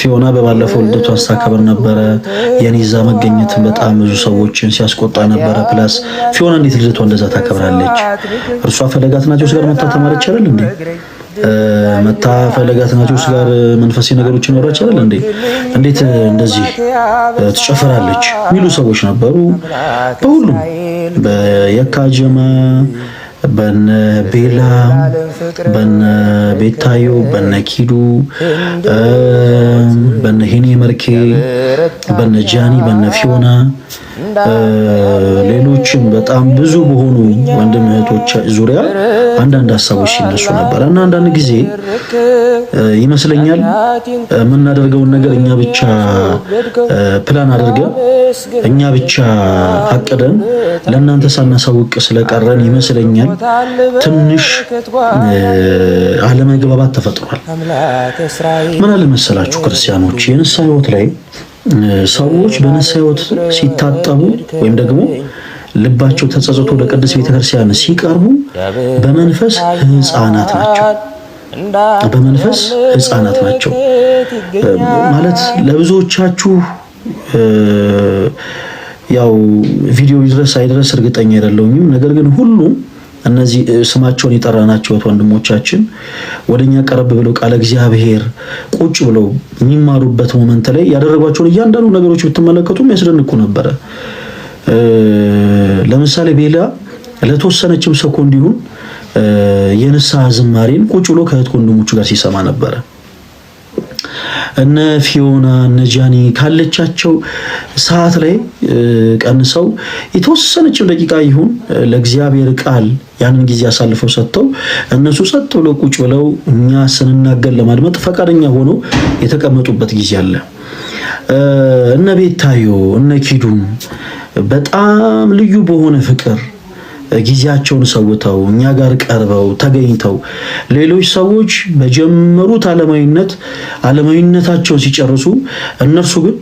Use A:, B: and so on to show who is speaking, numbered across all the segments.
A: ፊዮና በባለፈው ልደቷን ስታከብር ነበረ። የኒዛ መገኘት በጣም ብዙ ሰዎችን ሲያስቆጣ ነበረ። ፕላስ ፊዮና እንዴት ልደቷ እንደዛ ታከብራለች? እርሷ ፈለጋት ናቸው ጋር መታ ተማረች አይደል እንዴ? መታ ፈለገ አትናትዮስ ጋር መንፈሴ ነገሮች ይኖራች አይደል እንዴ? እንዴት እንደዚህ ትጨፍራለች? የሚሉ ሰዎች ነበሩ። በሁሉም በየካ ጀማ በነ ቤላ፣ በነ ቤታዮ፣ በነ ኪዱ፣ በነ ሄኔ መርኬ፣ በነ ጃኒ፣ በነ ፊዮና ሌሎችም በጣም ብዙ በሆኑ ወንድም እህቶች ዙሪያ አንዳንድ ሀሳቦች ሲነሱ ነበር እና አንዳንድ ጊዜ ይመስለኛል የምናደርገውን ነገር እኛ ብቻ ፕላን አድርገን እኛ ብቻ አቅደን ለእናንተ ሳናሳውቅ ስለቀረን ይመስለኛል ትንሽ አለመግባባት ተፈጥሯል። ምን አለ መሰላችሁ ክርስቲያኖች የንስሐ ህይወት ላይ ሰዎች በንስሐ ሕይወት ሲታጠቡ ወይም ደግሞ ልባቸው ተጸጽቶ ወደ ቅድስት ቤተክርስቲያን ሲቀርቡ በመንፈስ ሕፃናት ናቸው። በመንፈስ ሕፃናት ናቸው ማለት ለብዙዎቻችሁ ያው ቪዲዮ ይድረስ አይድረስ እርግጠኛ አይደለሁም። ነገር ግን ሁሉ እነዚህ ስማቸውን የጠራናቸው ወንድሞቻችን ወደኛ ቀረብ ብለው ቃለ እግዚአብሔር ቁጭ ብለው የሚማሩበት ሞመንት ላይ ያደረጓቸውን እያንዳንዱ ነገሮች ብትመለከቱ የሚያስደንቁ ነበረ። ለምሳሌ ቤላ ለተወሰነችም ሰኮንድ ይሁን የንስሐ ዝማሬን ቁጭ ብሎ ከእህት ወንድሞቹ ጋር ሲሰማ ነበረ። እነ ፊዮና እነ ጃኒ ካለቻቸው ሰዓት ላይ ቀንሰው የተወሰነችው ደቂቃ ይሁን ለእግዚአብሔር ቃል ያንን ጊዜ አሳልፈው ሰጥተው እነሱ ሰጥ ብለው ቁጭ ብለው እኛ ስንናገር ለማድመጥ ፈቃደኛ ሆነው የተቀመጡበት ጊዜ አለ። እነ ቤታዮ እነ ኪዱም በጣም ልዩ በሆነ ፍቅር ጊዜያቸውን ሰውተው እኛ ጋር ቀርበው ተገኝተው ሌሎች ሰዎች በጀመሩት አለማዊነት ዓለማዊነታቸውን ሲጨርሱ እነርሱ ግን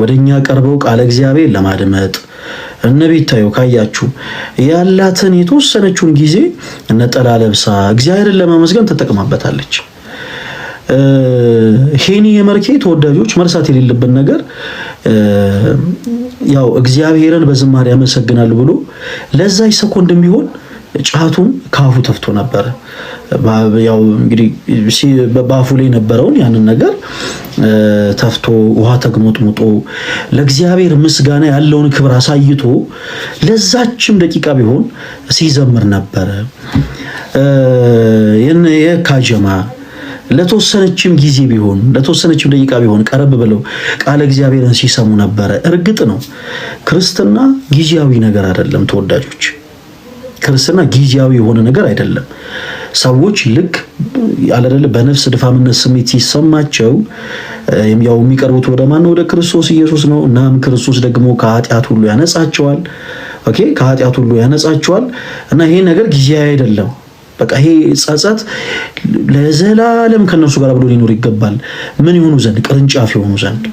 A: ወደ እኛ ቀርበው ቃለ እግዚአብሔር ለማድመጥ እነ ቤታዮ ካያችሁ ያላትን የተወሰነችውን ጊዜ ነጠላ ለብሳ እግዚአብሔርን ለማመስገን ትጠቅማበታለች። ሄኒ የመርኬ ተወዳጆች መርሳት የሌለብን ነገር ያው እግዚአብሔርን በዝማሬ ያመሰግናል ብሎ ለዛች ሰኮንድ ቢሆን ጫቱም ካፉ ተፍቶ ነበረ። ያው እንግዲህ በአፉ ላይ የነበረውን ያንን ነገር ተፍቶ ውሃ ተግሞጥሙጦ ለእግዚአብሔር ምስጋና ያለውን ክብር አሳይቶ ለዛችም ደቂቃ ቢሆን ሲዘምር ነበረ የካጀማ ለተወሰነችም ጊዜ ቢሆን ለተወሰነችም ደቂቃ ቢሆን ቀረብ ብለው ቃለ እግዚአብሔርን ሲሰሙ ነበረ። እርግጥ ነው ክርስትና ጊዜያዊ ነገር አይደለም ተወዳጆች፣ ክርስትና ጊዜያዊ የሆነ ነገር አይደለም። ሰዎች ልክ አለደለ በነፍስ ድፋምነት ስሜት ሲሰማቸው ያው የሚቀርቡት ወደ ማን ወደ ክርስቶስ ኢየሱስ ነው። እናም ክርስቶስ ደግሞ ከኃጢአት ሁሉ ያነጻቸዋል። ኦኬ፣ ከኃጢአት ሁሉ ያነጻቸዋል እና ይሄ ነገር ጊዜያዊ አይደለም። በቃ ይሄ ጸጸት ለዘላለም ከነሱ ጋር ብሎ ሊኖር ይገባል። ምን ይሆኑ ዘንድ ቅርንጫፍ የሆኑ ዘንድ